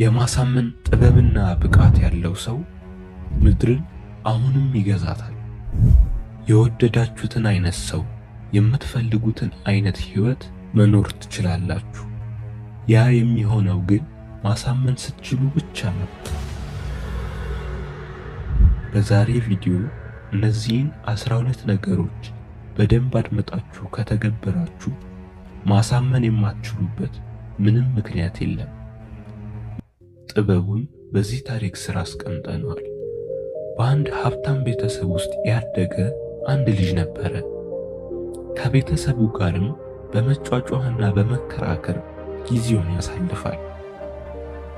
የማሳመን ጥበብና ብቃት ያለው ሰው ምድርን አሁንም ይገዛታል። የወደዳችሁትን አይነት ሰው፣ የምትፈልጉትን አይነት ህይወት መኖር ትችላላችሁ። ያ የሚሆነው ግን ማሳመን ስትችሉ ብቻ ነው። በዛሬ ቪዲዮ እነዚህን 12 ነገሮች በደንብ አድመጣችሁ ከተገበራችሁ ማሳመን የማትችሉበት ምንም ምክንያት የለም። ጥበቡን በዚህ ታሪክ ስር አስቀምጠነዋል። በአንድ ሀብታም ቤተሰብ ውስጥ ያደገ አንድ ልጅ ነበረ። ከቤተሰቡ ጋርም በመጫጫህና በመከራከር ጊዜውን ያሳልፋል።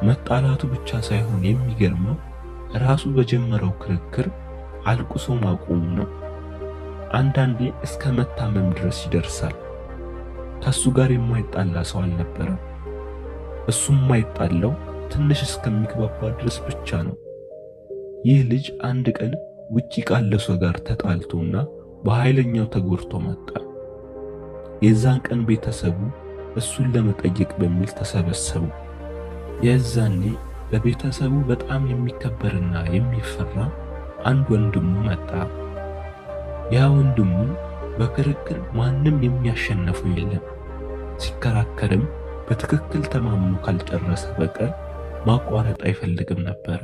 መጣላቱ ብቻ ሳይሆን የሚገርመው ራሱ በጀመረው ክርክር አልቅሶ ማቆሙ ነው። አንዳንዴ እስከ መታመም ድረስ ይደርሳል። ከሱ ጋር የማይጣላ ሰው አልነበረም። እሱም የማይጣለው ትንሽ እስከሚግባባ ድረስ ብቻ ነው። ይህ ልጅ አንድ ቀን ውጪ ካለ ሰው ጋር ተጣልቶና በኃይለኛው ተጎድቶ መጣ። የዛን ቀን ቤተሰቡ እሱን ለመጠየቅ በሚል ተሰበሰቡ። የዛኔ በቤተሰቡ በጣም የሚከበርና የሚፈራ አንድ ወንድሙ መጣ። ያ ወንድሙ በክርክር ማንም የሚያሸነፉ የለም። ሲከራከርም በትክክል ተማምኖ ካልጨረሰ በቀር ማቋረጥ አይፈልግም ነበር።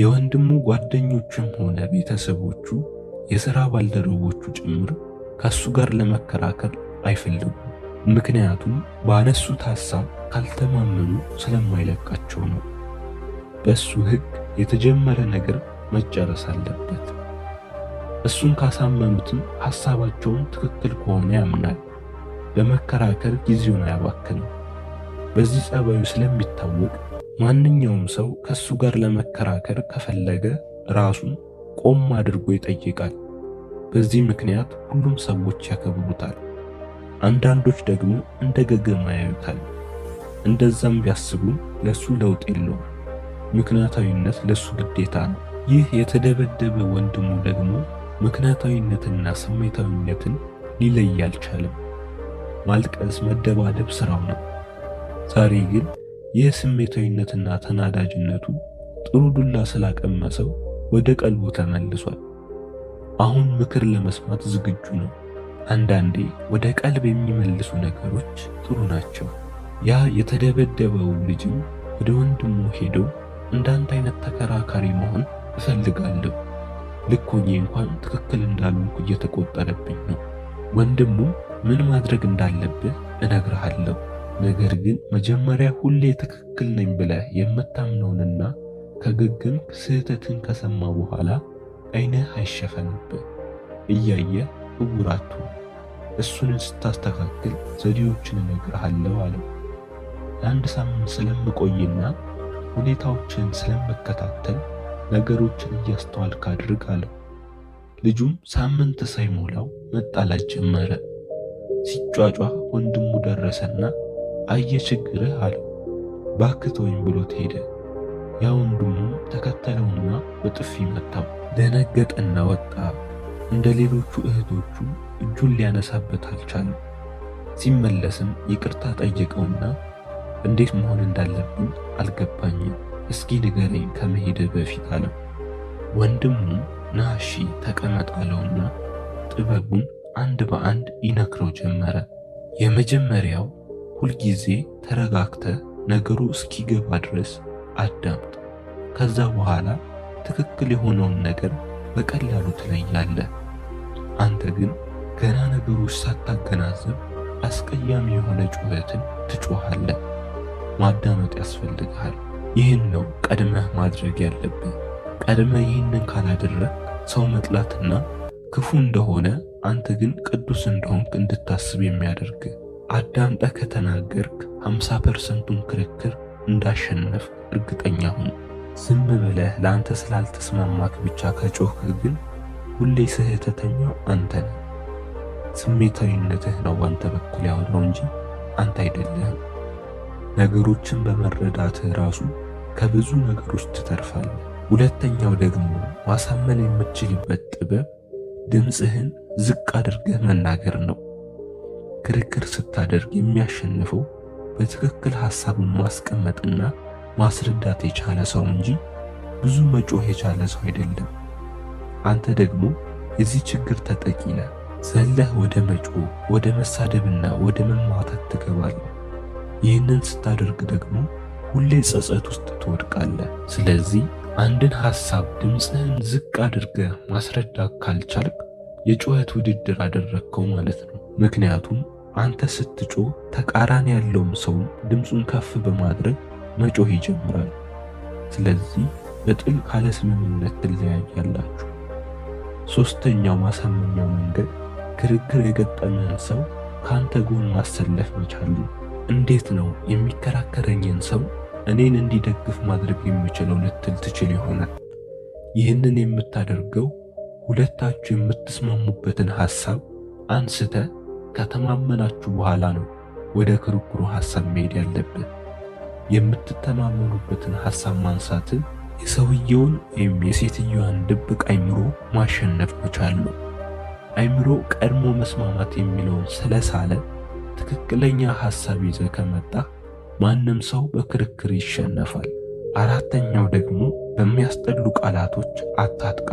የወንድሙ ጓደኞችም ሆነ ቤተሰቦቹ፣ የሥራ ባልደረቦቹ ጭምር ከሱ ጋር ለመከራከር አይፈልጉም። ምክንያቱም ባነሱት ሐሳብ ካልተማመኑ ስለማይለቃቸው ነው። በሱ ሕግ የተጀመረ ነገር መጨረስ አለበት። እሱን ካሳመኑትም ሐሳባቸውን ትክክል ከሆነ ያምናል። በመከራከር ጊዜውን አያባክንም። በዚህ ጸባዩ ስለሚታወቅ ማንኛውም ሰው ከሱ ጋር ለመከራከር ከፈለገ ራሱን ቆም አድርጎ ይጠይቃል። በዚህ ምክንያት ሁሉም ሰዎች ያከብሩታል። አንዳንዶች ደግሞ እንደ ገገማ ያዩታል። እንደዛም ቢያስቡ ለሱ ለውጥ የለውም። ምክንያታዊነት ለሱ ግዴታ ነው። ይህ የተደበደበ ወንድሙ ደግሞ ምክንያታዊነትና ስሜታዊነትን ሊለይ አልቻለም። ማልቀስ፣ መደባደብ ስራው ነው። ዛሬ ግን ይህ ስሜታዊነትና ተናዳጅነቱ ጥሩ ዱላ ስላቀመሰው ወደ ቀልቡ ተመልሷል። አሁን ምክር ለመስማት ዝግጁ ነው። አንዳንዴ ወደ ቀልብ የሚመልሱ ነገሮች ጥሩ ናቸው። ያ የተደበደበው ልጅም ወደ ወንድሙ ሄዶ እንዳንተ አይነት ተከራካሪ መሆን እፈልጋለሁ ልክ ሆኜ እንኳን ትክክል እንዳልኩ እየተቆጠረብኝ ነው። ወንድሙ ምን ማድረግ እንዳለብህ እነግርሃለሁ ነገር ግን መጀመሪያ ሁሌ ትክክል ነኝ ብለህ የምታምነውንና ከግግም ስህተትን ከሰማ በኋላ አይንህ አይሸፈንብህ እያየ እውራቱ እሱን ስታስተካክል ዘዴዎችን እነግርሃለሁ አለው። ለአንድ ሳምንት ስለምቆይና ሁኔታዎችን ስለምከታተል ነገሮችን እያስተዋልክ አድርግ አለው። ልጁም ሳምንት ሳይሞላው መጣላት ጀመረ። ሲጫጫ ወንድሙ ደረሰና አየችግርህ አለው። ባክቶኝ ብሎት ሄደ። ያ ወንድሙ ተከተለውና በጥፊ መታው። ደነገጠና ወጣ። እንደ ሌሎቹ እህቶቹ እጁን ሊያነሳበት አልቻለም። ሲመለስም ይቅርታ ጠየቀውና እንዴት መሆን እንዳለብኝ አልገባኝም፣ እስኪ ንገረኝ ከመሄደ በፊት አለው። ወንድሙ ናሺ ተቀመጥ አለውና ጥበቡን አንድ በአንድ ይነክረው ጀመረ። የመጀመሪያው ሁልጊዜ ተረጋግተ ነገሩ እስኪገባ ድረስ አዳምጥ። ከዛ በኋላ ትክክል የሆነውን ነገር በቀላሉ ትለያለ። አንተ ግን ገና ነገሩ ሳታገናዘብ አስቀያሚ የሆነ ጩኸትን ትጮሃለ። ማዳመጥ ያስፈልግሃል። ይህን ነው ቀድመህ ማድረግ ያለብህ። ቀድመህ ይህንን ካላደረግ ሰው መጥላትና ክፉ እንደሆነ አንተ ግን ቅዱስ እንደሆንክ እንድታስብ የሚያደርግህ አዳምጠ ከተናገርክ 50 ፐርሰንቱን ክርክር እንዳሸነፍ እርግጠኛ ሁን። ዝም ብለህ ለአንተ ስላልተስማማክ ብቻ ከጮህ ግን ሁሌ ስህተተኛው አንተ ነህ። ስሜታዊነትህ ነው በአንተ በኩል ያወራው እንጂ አንተ አይደለህም። ነገሮችን በመረዳትህ ራሱ ከብዙ ነገሮች ትተርፋለህ። ሁለተኛው ደግሞ ማሳመን የምትችልበት ጥበብ ድምፅህን ዝቅ አድርገህ መናገር ነው። ክርክር ስታደርግ የሚያሸንፈው በትክክል ሐሳቡን ማስቀመጥና ማስረዳት የቻለ ሰው እንጂ ብዙ መጮህ የቻለ ሰው አይደለም። አንተ ደግሞ የዚህ ችግር ተጠቂ ነህ። ዘለህ ወደ መጮህ፣ ወደ መሳደብና ወደ መማታት ትገባለህ። ይህንን ስታደርግ ደግሞ ሁሌ ጸጸት ውስጥ ትወድቃለህ። ስለዚህ አንድን ሐሳብ ድምፅህን ዝቅ አድርገህ ማስረዳት ካልቻልክ የጩኸት ውድድር አደረግከው ማለት ነው። ምክንያቱም አንተ ስትጮህ ተቃራኒ ያለውም ሰው ድምፁን ከፍ በማድረግ መጮህ ይጀምራል። ስለዚህ በጥል ካለ ስምምነት ትለያያላችሁ። ሶስተኛው ማሳመኛው መንገድ ክርክር የገጠመህን ሰው ከአንተ ጎን ማሰለፍ መቻሉ እንዴት ነው የሚከራከረኝን ሰው እኔን እንዲደግፍ ማድረግ የምችለው ልትል ትችል ይሆናል። ይህንን የምታደርገው ሁለታችሁ የምትስማሙበትን ሐሳብ አንስተ ከተማመናችሁ በኋላ ነው ወደ ክርክሩ ሐሳብ መሄድ ያለብን። የምትተማመኑበትን ሐሳብ ማንሳትን የሰውየውን ወይም የሴትየዋን ድብቅ አይምሮ ማሸነፍ መቻል አይምሮ ቀድሞ መስማማት የሚለውን ስለሳለ ትክክለኛ ሐሳብ ይዘ ከመጣ ማንም ሰው በክርክር ይሸነፋል። አራተኛው ደግሞ በሚያስጠሉ ቃላቶች አታጥቃ።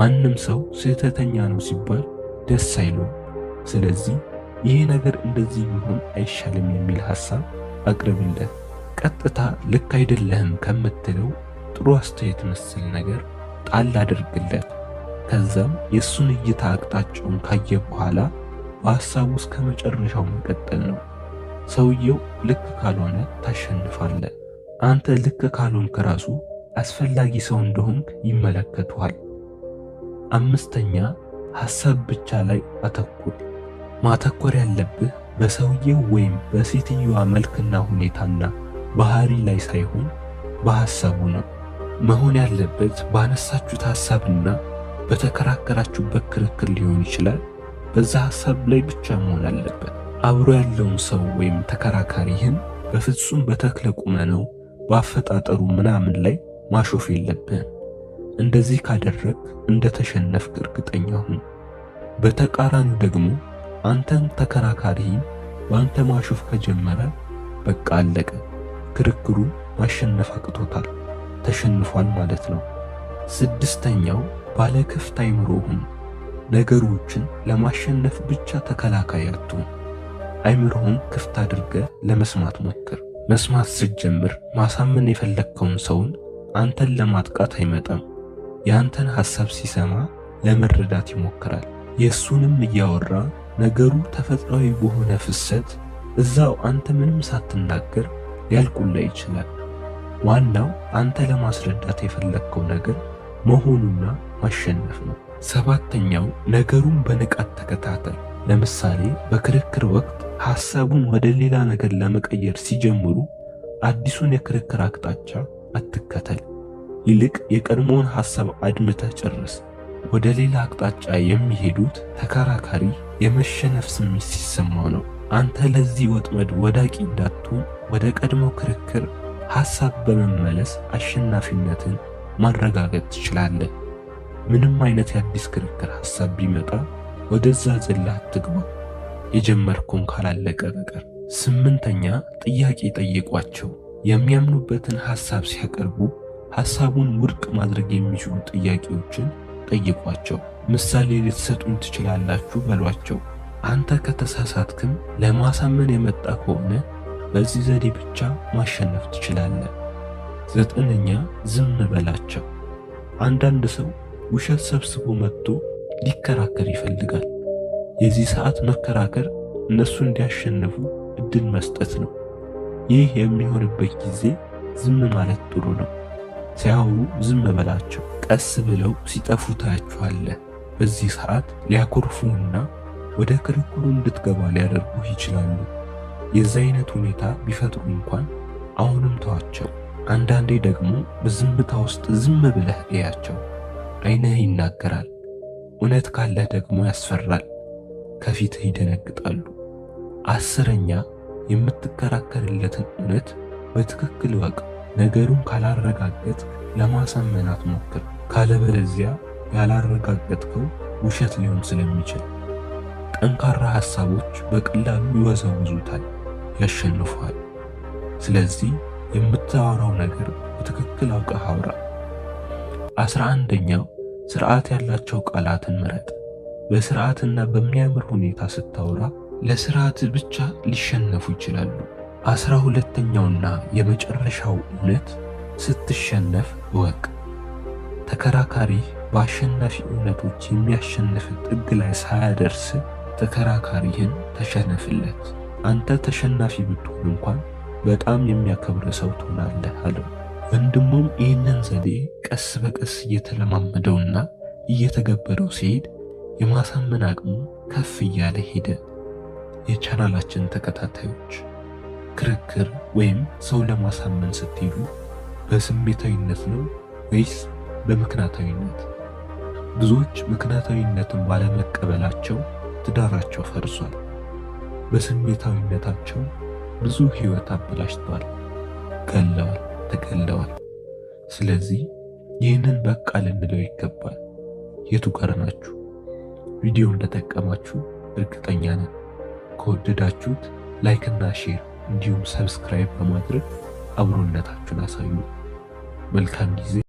ማንም ሰው ስህተተኛ ነው ሲባል ደስ አይለውም። ስለዚህ ይሄ ነገር እንደዚህ ቢሆን አይሻልም የሚል ሐሳብ አቅርብለት። ቀጥታ ልክ አይደለህም ከምትለው ጥሩ አስተያየት መሰል ነገር ጣል አድርግለት። ከዛም የሱን እይታ አቅጣጫውን ካየ በኋላ በሐሳቡ እስከ መጨረሻው መቀጠል ነው። ሰውየው ልክ ካልሆነ ታሸንፋለህ። አንተ ልክ ካልሆንክ ራሱ አስፈላጊ ሰው እንደሆንክ ይመለከቱሃል። አምስተኛ ሐሳብ ብቻ ላይ አተኩር። ማተኮር ያለብህ በሰውየው ወይም በሴትየዋ መልክና ሁኔታና ባህሪ ላይ ሳይሆን በሐሳቡ ነው። መሆን ያለበት ባነሳችሁት ሐሳብና በተከራከራችሁበት ክርክር ሊሆን ይችላል። በዛ ሐሳብ ላይ ብቻ መሆን አለበት። አብሮ ያለውን ሰው ወይም ተከራካሪህን በፍጹም በተክለ ቁመነው በአፈጣጠሩ ምናምን ላይ ማሾፍ የለብህም። እንደዚህ ካደረግ እንደተሸነፍ እርግጠኛ ሁን። በተቃራኒው ደግሞ አንተን ተከራካሪህን በአንተ ማሾፍ ከጀመረ በቃ አለቀ። ክርክሩ ማሸነፍ አቅቶታል፣ ተሸንፏል ማለት ነው። ስድስተኛው ባለ ክፍት አይምሮ ሁን። ነገሮችን ለማሸነፍ ብቻ ተከላካይ አትሁን። አይምሮህን ክፍት አድርገ ለመስማት ሞክር። መስማት ስትጀምር ማሳመን የፈለግከውን ሰውን አንተን ለማጥቃት አይመጣም። የአንተን ሐሳብ ሲሰማ ለመረዳት ይሞክራል። የእሱንም እያወራ ነገሩ ተፈጥሯዊ በሆነ ፍሰት እዛው አንተ ምንም ሳትናገር ሊያልቁላ ይችላል። ዋናው አንተ ለማስረዳት የፈለግከው ነገር መሆኑና ማሸነፍ ነው። ሰባተኛው ነገሩን በንቃት ተከታተል። ለምሳሌ በክርክር ወቅት ሐሳቡን ወደ ሌላ ነገር ለመቀየር ሲጀምሩ አዲሱን የክርክር አቅጣጫ አትከተል። ይልቅ የቀድሞውን ሐሳብ አድምተህ ጨርስ። ወደ ሌላ አቅጣጫ የሚሄዱት ተከራካሪ የመሸነፍ ስሜት ሲሰማው ነው። አንተ ለዚህ ወጥመድ ወዳቂ እንዳትሆን ወደ ቀድሞ ክርክር ሐሳብ በመመለስ አሸናፊነትን ማረጋገጥ ትችላለህ። ምንም አይነት የአዲስ ክርክር ሐሳብ ቢመጣ ወደዛ ዘላ አትግባ፣ የጀመርኩን ካላለቀ በቀር። ስምንተኛ ጥያቄ ጠይቋቸው። የሚያምኑበትን ሐሳብ ሲያቀርቡ ሐሳቡን ውድቅ ማድረግ የሚችሉ ጥያቄዎችን ጠይቋቸው፣ ምሳሌ ልትሰጡኝ ትችላላችሁ በሏቸው። አንተ ከተሳሳትክም ለማሳመን የመጣ ከሆነ በዚህ ዘዴ ብቻ ማሸነፍ ትችላለህ። ዘጠነኛ ዝም በላቸው። አንዳንድ ሰው ውሸት ሰብስቦ መጥቶ ሊከራከር ይፈልጋል። የዚህ ሰዓት መከራከር እነሱ እንዲያሸንፉ እድል መስጠት ነው። ይህ የሚሆንበት ጊዜ ዝም ማለት ጥሩ ነው። ሳያወሩ ዝም በላቸው፣ ቀስ ብለው ሲጠፉ ታያችኋለህ። በዚህ ሰዓት ሊያኮርፉና ወደ ክርክሩ እንድትገባ ሊያደርጉህ ይችላሉ። የዚህ አይነት ሁኔታ ቢፈጥሩ እንኳን አሁንም ተዋቸው። አንዳንዴ ደግሞ በዝምታ ውስጥ ዝም ብለህ እያቸው። ዓይንህ ይናገራል። እውነት ካለህ ደግሞ ያስፈራል። ከፊትህ ይደነግጣሉ። አስረኛ የምትከራከርለትን እውነት በትክክል ወቅ ነገሩን ካላረጋገጥ ለማሳመናት ሞክር፣ ካለበለዚያ ያላረጋገጥከው ውሸት ሊሆን ስለሚችል ጠንካራ ሐሳቦች በቀላሉ ይወዘውዙታል፣ ያሸንፏል። ስለዚህ የምታወራው ነገር በትክክል አውቀህ አውራ። አስራ አንደኛው ስርዓት ያላቸው ቃላትን ምረጥ። በስርዓትና በሚያምር ሁኔታ ስታወራ ለስርዓት ብቻ ሊሸነፉ ይችላሉ። አስራ ሁለተኛውና የመጨረሻው እውነት ስትሸነፍ እወቅ። ተከራካሪህ በአሸናፊ እውነቶች የሚያሸንፍ ጥግ ላይ ሳያደርስ ተከራካሪህን ተሸነፍለት። አንተ ተሸናፊ ብትሆን እንኳን በጣም የሚያከብር ሰው ትሆናለህ አለው። ወንድሙም ይህንን ዘዴ ቀስ በቀስ እየተለማመደውና እየተገበረው ሲሄድ የማሳመን አቅሙ ከፍ እያለ ሄደ። የቻናላችን ተከታታዮች ክርክር ወይም ሰው ለማሳመን ስትሄዱ በስሜታዊነት ነው ወይስ በምክንያታዊነት? ብዙዎች ምክንያታዊነትን ባለመቀበላቸው ትዳራቸው ፈርሷል። በስሜታዊነታቸው ብዙ ሕይወት አበላሽተዋል፣ ገለዋል፣ ተገለዋል። ስለዚህ ይህንን በቃ ልንለው ይገባል። የቱ ጋር ናችሁ? ቪዲዮ እንደጠቀማችሁ እርግጠኛ ነን። ከወደዳችሁት ላይክና ሼር እንዲሁም ሰብስክራይብ በማድረግ አብሮነታችሁን አሳዩ። መልካም ጊዜ